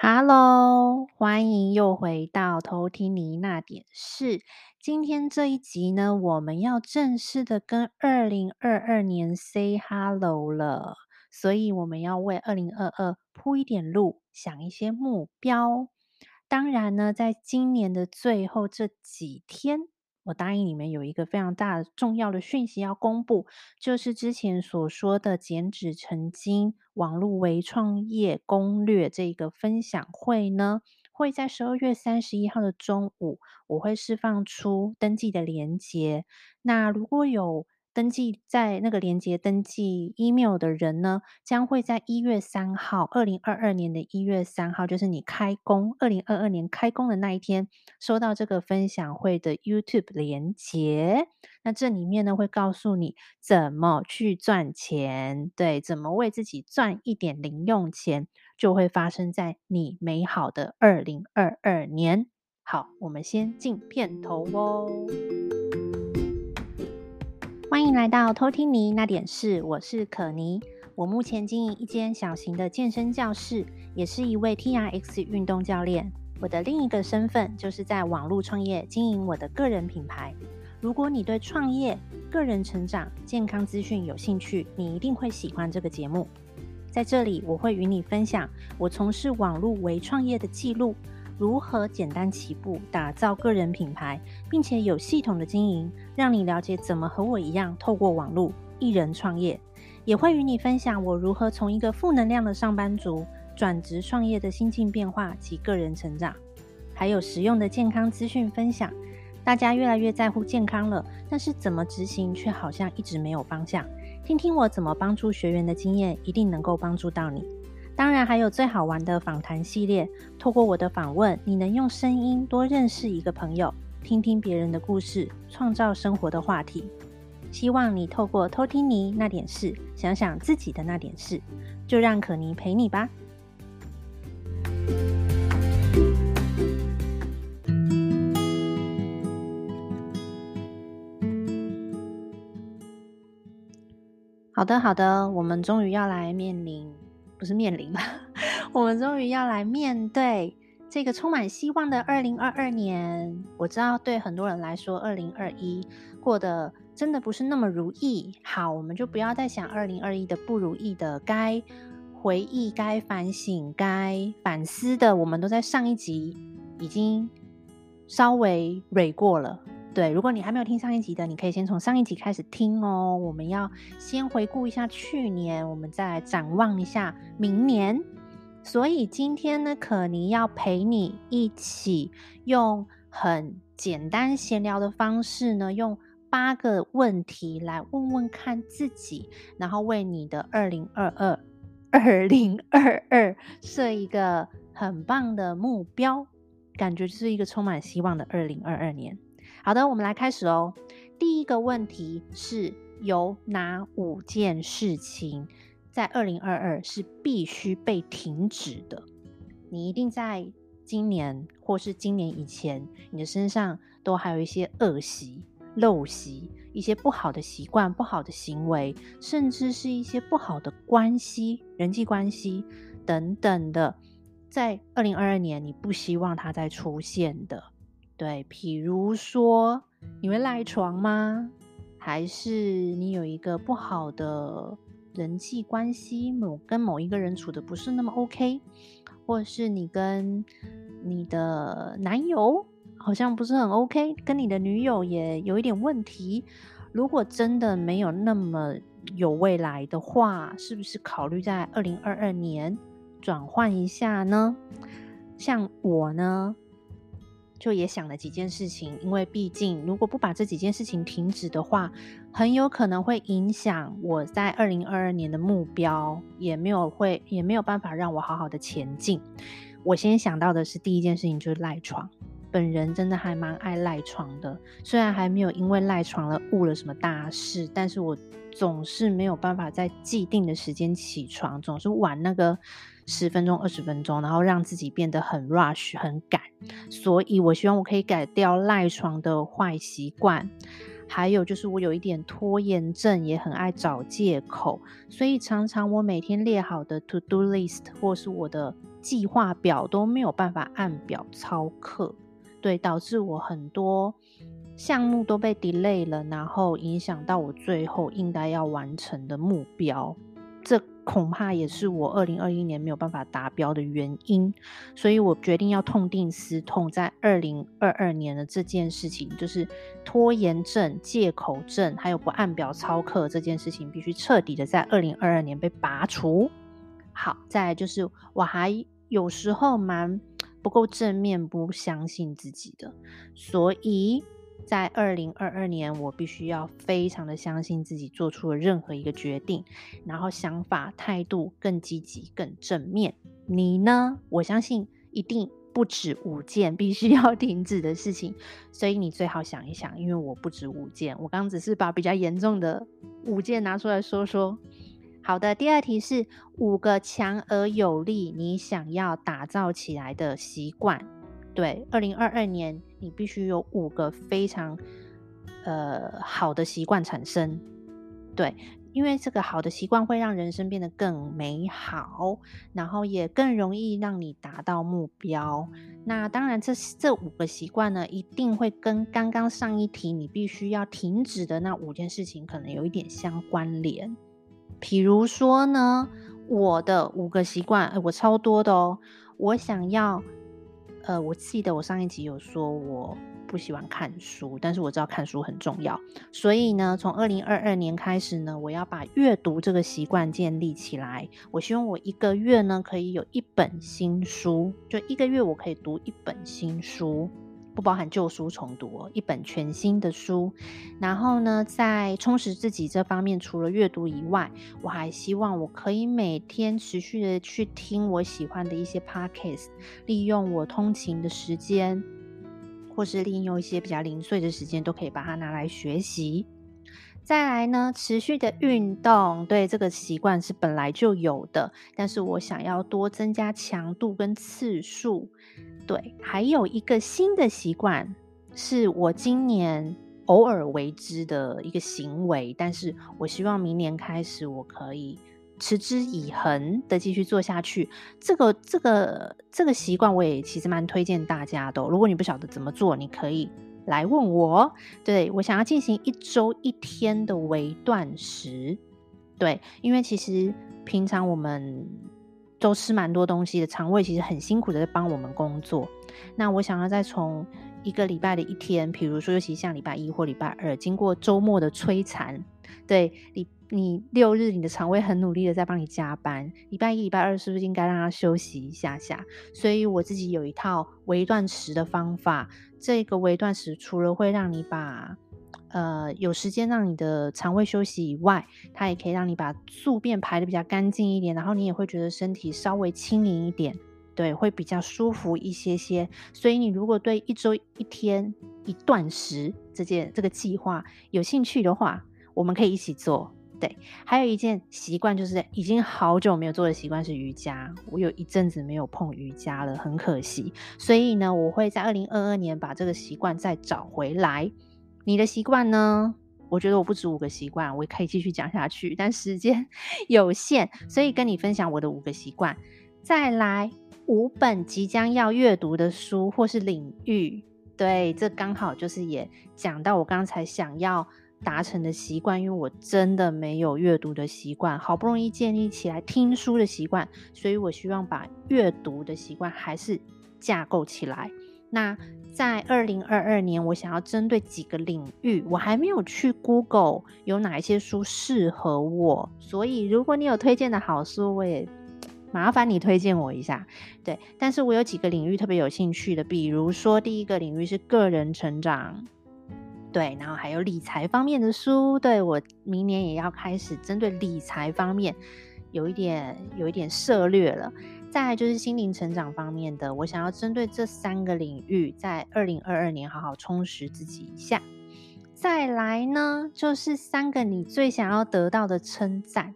哈嘍，hello, 歡迎又回到偷聽妮那點事。今天這一集呢，我們要正式的跟二零二二年 Say Hello 了，所以我們要為二零二二鋪一點路，想一些目標。當然呢，在今年的最後這幾天。我答應你們有一個非常大的重要的訊息要公布，就是之前所說的“減脂成金”網絡輕創業攻略這個分享會呢，會在十二月三十一號的中午，我會釋放出登記的鏈接。那如果有登記在那個連結登記 email 的人呢，將會在一月三號，二零二二年的一月三號，就是你開工，二零二二年開工的那一天，收到這個分享會的 YouTube 連結。那這裡面呢，會告訴你怎麼去賺錢，對，怎麼為自己賺一點零用錢，就會發生在你美好的二零二二年。好，我們先進片頭哦。歡迎來到偷聽妮那點事，我是可妮。我目前經營一間小型的健身教室，也是一位 TRX 運動教練。我的另一個身份就是在網絡創業經營我的個人品牌。如果你對創業、個人成長、健康資訊有興趣，你一定會喜歡這個節目。在這裡，我會與你分享我從事網絡為創業的記錄。如何簡單起步打造個人品牌，並且有系統的經營，讓你了解怎麼和我一樣透過網絡一人創業。也會與你分享我如何從一個負能量的上班族轉職創業的心境變化及個人成長，還有實用的健康資訊分享。大家越來越在乎健康了，但是怎麼執行卻好像一直沒有方向。聽聽我怎麼幫助學員的經驗，一定能夠幫助到你。當然，還有最好玩的訪談系列。透過我的訪問，你能用聲音多認識一個朋友，聽聽別人的故事，創造生活的話題。希望你透過偷聽妮那點事，想想自己的那點事，就讓可妮陪你吧。好的，好的，我們終於要來面臨。不是面臨嗎， 我們終於要來面對這個充滿希望的二零二二年。我知道對很多人來說，二零二一過得真的不是那麼如意。好，我們就不要再想二零二一的不如意的，該回憶、該反省、該反思的，我們都在上一集已經稍微 review 過了。對，如果你還沒有聽上一集的，你可以先從上一集開始聽哦。我們要先回顧一下去年，我們再來展望一下明年。所以今天呢，可妮要陪你一起用很簡單閒聊的方式呢，用八個問題來問問看自己，然後為你的二零二二、二零二二設一個很棒的目標，感覺就是一個充滿希望的二零二二年。好的，我們來開始哦。第一個問題是有哪五件事情在二零二二是必須被停止的？你一定在今年或是今年以前，你的身上都還有一些惡習、陋習、一些不好的習慣、不好的行為，甚至是一些不好的關係、人際關係等等的，在二零二二年你不希望它再出現的。對，比如說，你會賴床嗎？還是你有一個不好的人際關係，某跟某一個人處得不是那麼 OK，或是你跟你的男友好像不是很 OK，跟你的女友也有一點問題。如果真的沒有那麼有未來的話，是不是考慮在二零二二年轉換一下呢？像我呢？就也想了幾件事情，因為畢竟如果不把這幾件事情停止的話，很有可能會影響我在二零二二年的目標，也沒有會也沒有辦法讓我好好的前進。我先想到的是第一件事情就是賴床，本人真的還蠻愛賴床的，雖然還沒有因為賴床了誤了什麼大事，但是我總是沒有辦法在既定的時間起床，總是晚那個。十分鐘、二十分鐘，然後讓自己變得很 rush 很趕，所以我希望我可以改掉賴床的壞習慣，還有就是我有一點拖延症，也很愛找借口，所以常常我每天列好的 to do list 或是我的計劃表都沒有辦法按表操課，對，導致我很多項目都被 delay 了，然後影響到我最後應該要完成的目標。這個恐怕也是我二零二一年沒有辦法達標的原因，所以我決定要痛定思痛，在二零二二年的這件事情，就是拖延症、借口症，還有不按表操課這件事情，必須徹底的在二零二二年被拔除。好，再就是我還有時候蠻不夠正面，不相信自己的，所以。在二零二二年，我必須要非常的相信自己做出了任何一個決定，然後想法、態度更積極、更正面。你呢？我相信一定不止五件必須要停止的事情，所以你最好想一想，因為我不止五件，我剛剛只是把比較嚴重的五件拿出來說說。好的，第二題是五個強而有力你想要打造起來的習慣。對，二零二二年你必須有五個非常呃好的習慣產生。對，因為這個好的習慣會讓人生變得更美好，然後也更容易讓你達到目標。那當然這，這這五個習慣呢，一定會跟剛剛上一題你必須要停止的那五件事情可能有一點相關聯。比如說呢，我的五個習慣，哎，我超多的哦，我想要。呃，我記得我上一集有說我不喜歡看書，但是我知道看書很重要，所以呢，從二零二二年開始呢，我要把閱讀這個習慣建立起來。我希望我一個月呢可以有一本新書，就一個月我可以讀一本新書。不包含舊書重讀，一本全新的書。然後呢，在充實自己這方面，除了閱讀以外，我還希望我可以每天持續的去聽我喜歡的一些 podcast，利用我通勤的時間，或是利用一些比較零碎的時間，都可以把它拿來學習。再來呢，持續的運動對這個習慣是本來就有的，但是我想要多增加強度跟次數。對，還有一個新的習慣是我今年偶爾為之的一個行為，但是我希望明年開始我可以持之以恆的繼續做下去。這個這個這個習慣我也其實蠻推薦大家的，如果你不曉得怎麼做，你可以。來問我，對，我想要進行一周一天的微斷食，對，因為其實平常我們都吃蠻多東西的腸，腸胃其實很辛苦的在幫我們工作。那我想要再從。一個禮拜的一天，比如說，尤其像禮拜一或禮拜二，經過周末的摧殘，對，你，你六日你的腸胃很努力的在幫你加班，禮拜一、禮拜二是不是應該讓它休息一下下？所以我自己有一套微斷食的方法，這個微斷食除了會讓你把呃有時間讓你的腸胃休息以外，它也可以讓你把宿便排的比較乾淨一點，然後你也會覺得身體稍微輕盈一點。對，會比較舒服一些些。所以你如果對一周一天一段時這件這個計劃有興趣的話，我們可以一起做。對，還有一件習慣就是已經好久沒有做的習慣是瑜伽。我有一陣子沒有碰瑜伽了，很可惜。所以呢，我會在2022年把這個習慣再找回來。你的習慣呢？我覺得我不止五個習慣，我可以繼續講下去，但時間有限，所以跟你分享我的五個習慣。再來。五本即將要閱讀的書或是領域，對，這剛好就是也講到我剛才想要達成的習慣，因為我真的沒有閱讀的習慣，好不容易建立起來聽書的習慣，所以我希望把閱讀的習慣還是架構起來。那在二零二二年，我想要針對幾個領域，我還沒有去 Google 有哪一些書適合我，所以如果你有推薦的好書，我也。麻煩你推薦我一下，對，但是我有幾個領域特別有興趣的，比如說第一個領域是個人成長，對，然後還有理財方面的書，對，我明年也要開始針對理財方面有一點有一點涉略了，再來就是心靈成長方面的，我想要針對這三個領域在二零二二年好好充實自己一下。再來呢，就是三個你最想要得到的稱讚。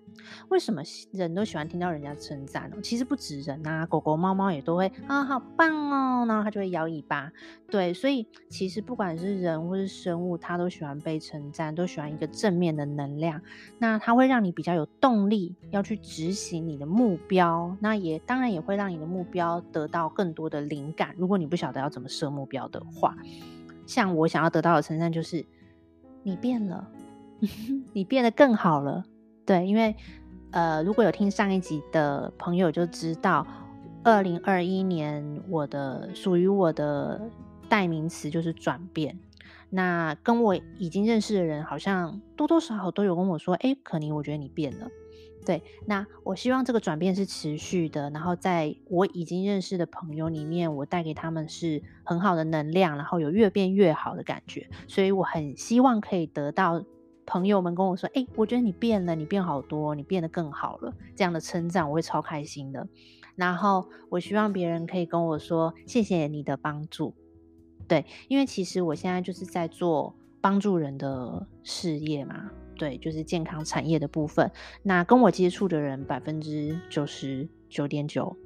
為什麼人都喜歡聽到人家稱讚哦？其實不止人啊，狗狗、貓貓也都會啊，哦，好棒哦，然後它就會搖尾巴。對，所以其實不管是人或是生物，它都喜歡被稱讚，都喜歡一個正面的能量。那它會讓你比較有動力要去執行你的目標，那也當然也會讓你的目標得到更多的靈感。如果你不曉得要怎麼設目標的話，像我想要得到的稱讚就是。你變了， 你變得更好了。對，因為，呃，如果有聽上一集的朋友就知道，二零二一年我的屬於我，我的代名詞就是轉變。那跟我已經認識的人，好像多多少少都有跟我說：“誒、欸，可妮，我覺得你變了。”對，那我希望這個轉變是持續的，然後在我已經認識的朋友裡面，我帶給他們是很好的能量，然後有越變越好的感覺，所以我很希望可以得到朋友們跟我說：“誒，我覺得你變了，你變好多，你變得更好了。”這樣的稱讚我會超開心的。然後我希望別人可以跟我說：“謝謝你的幫助。”對，因為其實我現在就是在做幫助人的事業嘛。對，就是健康產業的部分。那跟我接觸的人，百分之九十九點九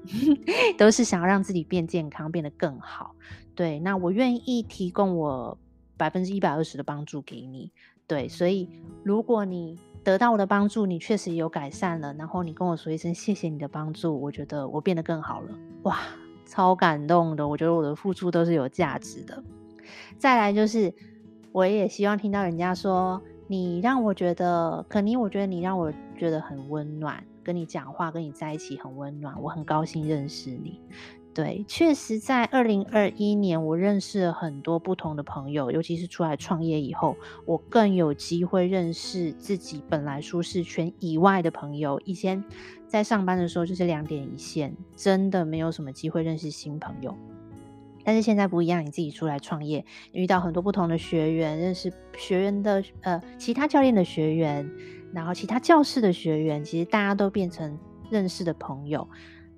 都是想要讓自己變健康，變得更好。對，那我願意提供我百分之一百二十的幫助給你。對，所以如果你得到我的幫助，你確實有改善了，然後你跟我說一聲謝謝你的幫助，我覺得我變得更好了，哇，超感動的。我覺得我的付出都是有價值的。再來就是，我也希望聽到人家說。你讓我覺得，可能我覺得你讓我覺得很溫暖。跟你講話，跟你在一起很溫暖，我很高興認識你。對，確實，在二零二一年，我認識了很多不同的朋友，尤其是出來創業以後，我更有機會認識自己本來舒適圈以外的朋友。以前在上班的時候，就是兩點一線，真的沒有什麼機會認識新朋友。但是現在不一樣，你自己出來創業，你遇到很多不同的學員，認識學員的，呃，其他教練的學員，然後其他教室的學員，其實大家都變成認識的朋友。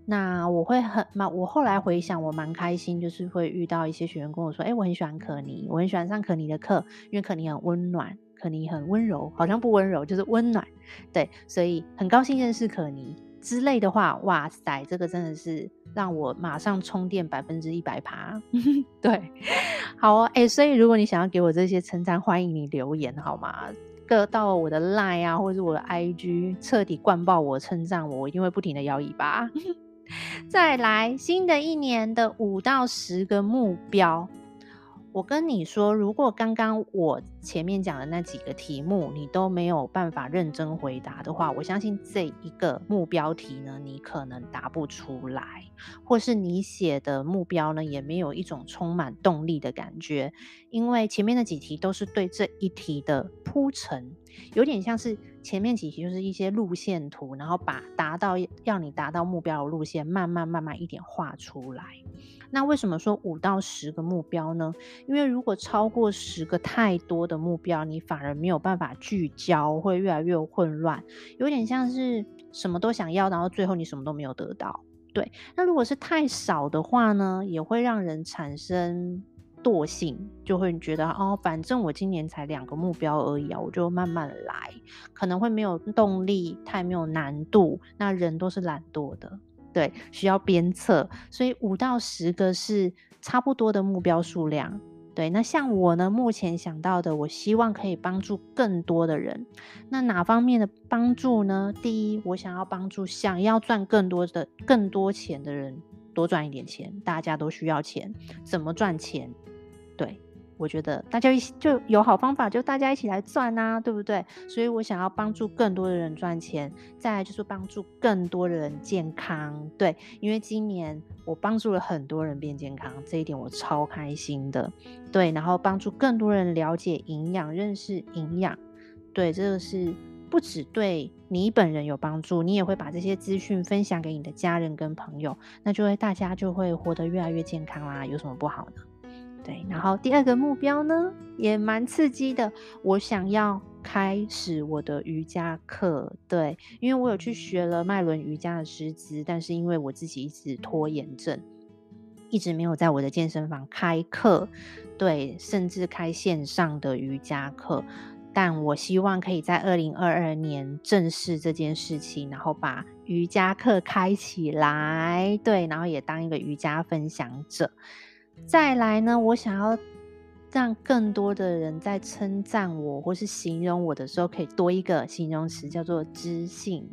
那我會很，我後來回想，我蠻開心，就是會遇到一些學員跟我說，哎、欸，我很喜歡可妮，我很喜歡上可妮的課，因為可妮很溫暖，可妮很溫柔，好像不溫柔就是溫暖，對，所以很高興認識可妮。之類的話，哇塞，這個真的是讓我馬上充電百分之一百趴。 對，好哦，哎、欸，所以如果你想要給我這些稱讚，歡迎你留言好嗎？各到我的 line 啊，或者是我的 IG，徹底灌爆我稱讚我，我一定會不停的搖尾巴。 再來，新的一年的五到十個目標。我跟你說，如果剛剛我前面講的那幾個題目你都沒有辦法認真回答的話，我相信這一個目標題呢，你可能答不出來，或是你寫的目標呢，也沒有一種充滿動力的感覺，因為前面的幾題都是對這一題的鋪陳，有點像是。前面幾集就是一些路線圖，然後把達到要你達到目標的路線慢慢慢慢一點畫出來。那為什麼說五到十個目標呢？因為如果超過十個太多的目標，你反而沒有辦法聚焦，會越來越混亂，有點像是什麼都想要，然後最後你什麼都沒有得到。對，那如果是太少的話呢，也會讓人產生。惰性就會覺得哦，反正我今年才兩個目標而已啊，我就慢慢來，可能會沒有動力，太沒有難度，那人都是懶惰的，對，需要鞭策。所以五到十個是差不多的目標數量，對。那像我呢，目前想到的，我希望可以幫助更多的人，那哪方面的幫助呢？第一，我想要幫助想要賺更多的，更多錢的人。多賺一點錢，大家都需要錢，怎麼賺錢？對，我覺得大家一起就有好方法，就大家一起來賺啊，對不對？所以我想要幫助更多的人賺錢，再來就是幫助更多的人健康，對，因為今年我幫助了很多人變健康，這一點我超開心的，對，然後幫助更多人了解營養，認識營養，對，這個是。不只對你本人有幫助，你也會把這些資訊分享給你的家人跟朋友，那就會大家就會活得越來越健康啦，啊，有什麼不好呢？對，然後第二個目標呢，也蠻刺激的，我想要開始我的瑜伽課。對，因為我有去學了麥倫瑜伽的師資，但是因為我自己一直拖延症，一直沒有在我的健身房開課，對，甚至開線上的瑜伽課。但我希望可以在二零二二年正視這件事情，然後把瑜伽課開起來，對，然後也當一個瑜伽分享者。再來呢，我想要讓更多的人在稱讚我或是形容我的時候，可以多一個形容詞，叫做知性。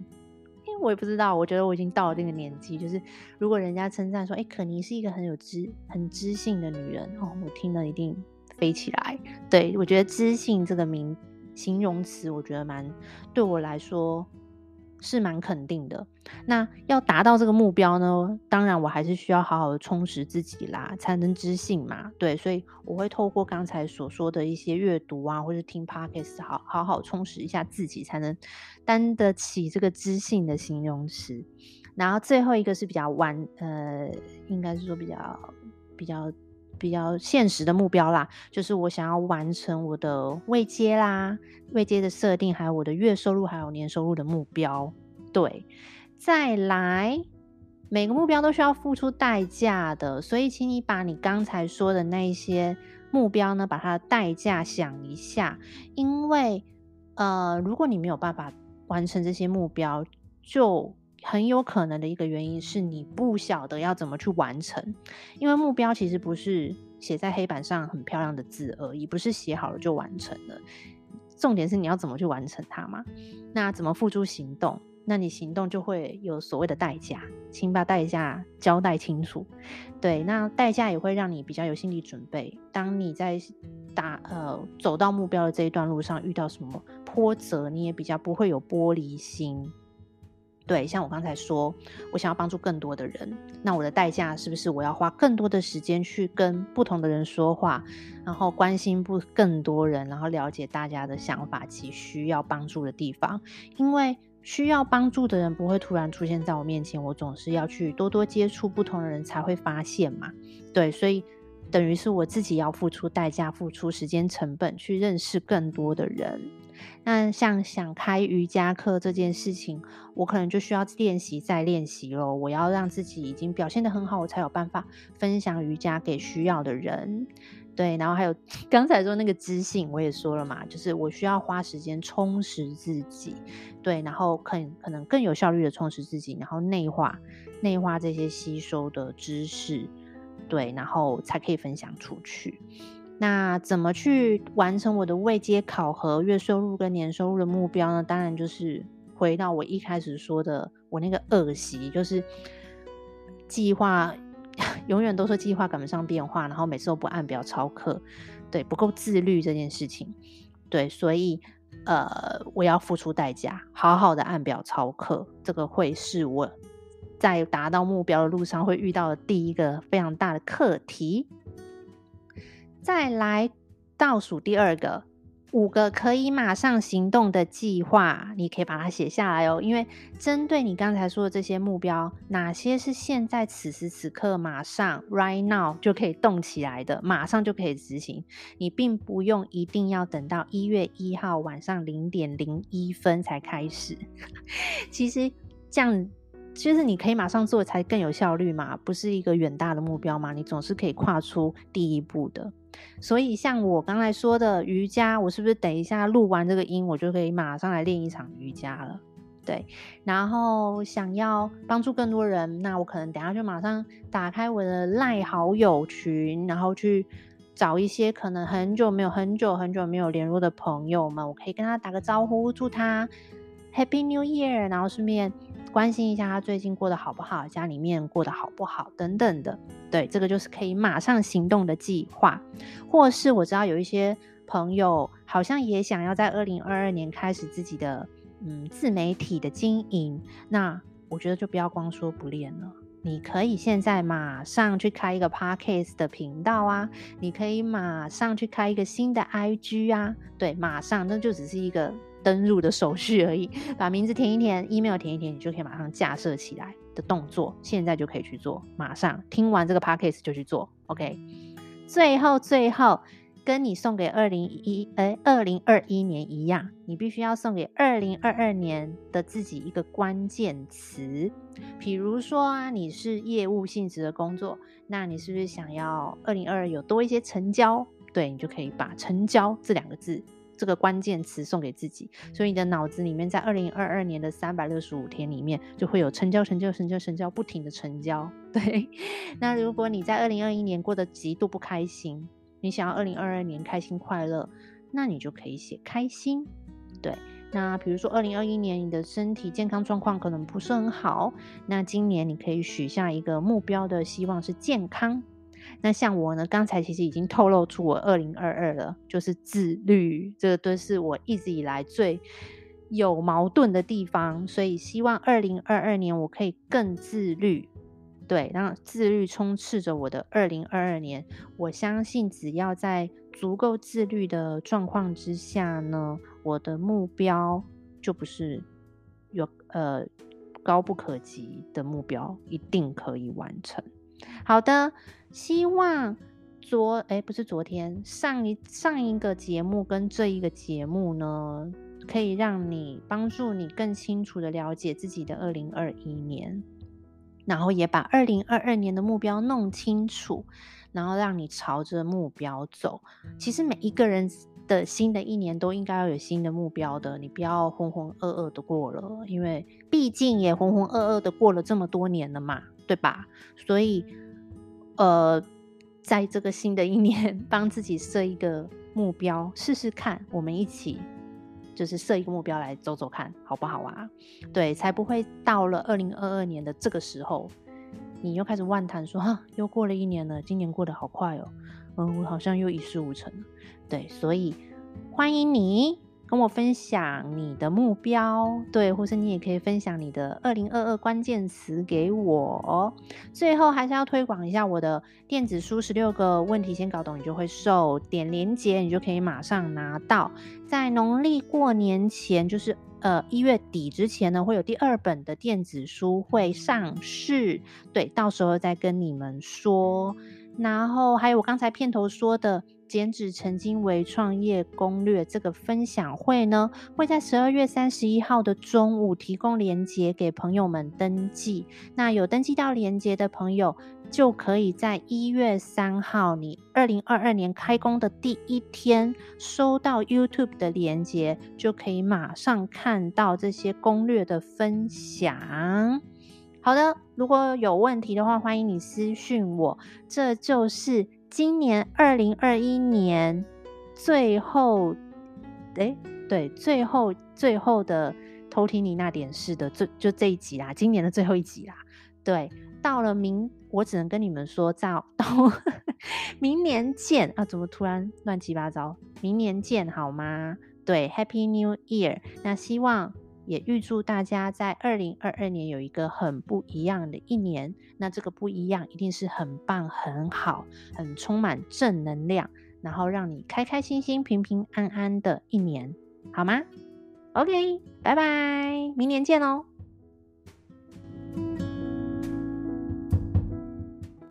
因為我也不知道，我覺得我已經到了那個年紀，就是如果人家稱讚說：“誒，可妮是一個很有知、很知性的女人。”哦，我聽了一定飛起來。對，我覺得知性這個名形容詞，我覺得蠻對我來說是蠻肯定的。那要達到這個目標呢，當然我還是需要好好的充實自己啦，才能知性嘛。對，所以我會透過剛才所說的一些閱讀啊，或者聽 Podcast，好好好充實一下自己，才能擔得起這個知性的形容詞。然後最後一個是比較完，呃，應該是說比較比較。比較現實的目標啦，就是我想要完成我的位階啦，位階的設定，還有我的月收入，還有年收入的目標。對，再來，每個目標都需要付出代價的，所以請你把你剛才說的那一些目標呢，把它的代價想一下，因為呃，如果你沒有辦法完成這些目標，就。很有可能的一個原因是你不曉得要怎麼去完成，因為目標其實不是寫在黑板上很漂亮的字而已，不是寫好了就完成了。重點是你要怎麼去完成它嘛？那怎麼付諸行動？那你行動就會有所謂的代價，請把代價交代清楚。對，那代價也會讓你比較有心理準備。當你在打呃走到目標的這一段路上遇到什麼波折，你也比較不會有玻璃心。對，像我剛才說，我想要幫助更多的人，那我的代價是不是我要花更多的時間去跟不同的人說話，然後關心不更多人，然後了解大家的想法及需要幫助的地方？因為需要幫助的人不會突然出現在我面前，我總是要去多多接觸不同的人，才會發現嘛。對，所以等於是我自己要付出代價，付出時間成本，去認識更多的人。那像想開瑜伽課這件事情，我可能就需要練習再練習咯。我要讓自己已經表現得很好，我才有辦法分享瑜伽給需要的人。對，然後還有剛才說那個知性，我也說了嘛，就是我需要花時間充實自己，對，然後可能可能更有效率的充實自己，然後內化內化這些吸收的知識，對，然後才可以分享出去。那怎麼去完成我的位階考核、月收入跟年收入的目標呢？當然就是回到我一開始說的，我那個惡習，就是計劃永遠都是計劃趕不上變化，然後每次都不按表操課，對，不夠自律這件事情，對，所以呃，我要付出代價，好好的按表操課，這個會是我在達到目標的路上會遇到的第一個非常大的課題。再來倒數第二個，五個可以馬上行動的計劃，你可以把它寫下來哦。因為針對你剛才說的這些目標，哪些是現在此時此刻馬上 right now 就可以動起來的，馬上就可以執行。你並不用一定要等到一月一號晚上零點零一分才開始。其實這樣就是你可以馬上做才更有效率嘛，不是一個遠大的目標嘛，你總是可以跨出第一步的。所以，像我剛才說的瑜伽，我是不是等一下錄完這個音，我就可以馬上來練一場瑜伽了？對。然後想要幫助更多人，那我可能等一下就馬上打開我的 LINE 好友群，然後去找一些可能很久沒有、很久很久沒有聯絡的朋友們，我可以跟他打個招呼，祝他 Happy New Year，然後順便。關心一下他最近過得好不好，家裡面過得好不好等等的，對，這個就是可以馬上行動的計劃，或是我知道有一些朋友好像也想要在二零二二年開始自己的嗯自媒體的經營，那我覺得就不要光說不練了，你可以現在馬上去開一個 podcast 的頻道啊，你可以馬上去開一個新的 IG 啊，對，馬上，那就只是一個。登入的手續而已，把名字填一填，email 填一填，你就可以馬上架設起來的動作，現在就可以去做，馬上聽完這個 podcast 就去做，OK。最後最後，跟你送給二零一一哎二零二一年一樣，你必須要送給二零二二年的自己一個關鍵詞，比如說啊，你是業務性質的工作，那你是不是想要二零二二有多一些成交？對，你就可以把成交這兩個字。這個關鍵詞送給自己，所以你的腦子裡面在二零二二年的三百六十五天裡面，就會有成交、成交、成交、成交，不停的成交。對，那如果你在二零二一年過得極度不開心，你想要二零二二年開心快樂，那你就可以寫開心。對，那比如說二零二一年你的身體健康狀況可能不是很好，那今年你可以許下一個目標的希望是健康。那像我呢？剛才其實已經透露出我二零二二了，就是自律，這個都是我一直以來最有矛盾的地方。所以希望二零二二年我可以更自律，對，讓自律充斥着我的二零二二年。我相信，只要在足夠自律的狀況之下呢，我的目標就不是有呃高不可及的目標，一定可以完成。好的，希望昨，哎，不是昨天，上一上一個節目跟這一個節目呢，可以讓你幫助你更清楚地了解自己的2021年，然後也把2022年的目標弄清楚，然後讓你朝着目標走。其實每一個人的新的一年都應該要有新的目標的，你不要渾渾噩噩的過了，因為畢竟也渾渾噩噩的過了這麼多年了嘛。對吧？所以，呃，在這個新的一年，幫自己設一個目標，試試看。我們一起就是設一個目標來走走看，好不好啊？對，才不會到了二零二二年的這個時候，你又開始萬談說哈，又過了一年了，今年過得好快哦。嗯、呃，我好像又一事無成。對，所以歡迎你跟我分享你的目標，對，或是你也可以分享你的二零二二關鍵詞給我。最後還是要推廣一下我的電子書《十六個問題先搞懂你就會瘦》，點連結你就可以馬上拿到。在農曆過年前，就是呃一月底之前呢，會有第二本的電子書會上市。對，到時候再跟你們說。然後還有我剛才片頭說的“減脂成金為創業攻略”這個分享會呢，會在十二月三十一號的中午提供連結給朋友們登記。那有登記到連結的朋友，就可以在一月三號，你二零二二年開工的第一天，收到 YouTube 的連結，就可以馬上看到這些攻略的分享。好的，如果有問題的話，歡迎你私訊我。這就是今年二零二一年最後，哎，對，最後最後的偷聽妮那點事的最就這一集啦，今年的最後一集啦。對，到了明，我只能跟你們說，到到明年見啊！怎麼突然亂七八糟？明年見好嗎？對，Happy New Year，那希望。也預祝大家在二零二二年有一個很不一樣的一年，那這個不一樣一定是很棒、很好、很充滿正能量，然後讓你開開心心、平平安安的一年，好嗎？OK，拜拜，明年見哦。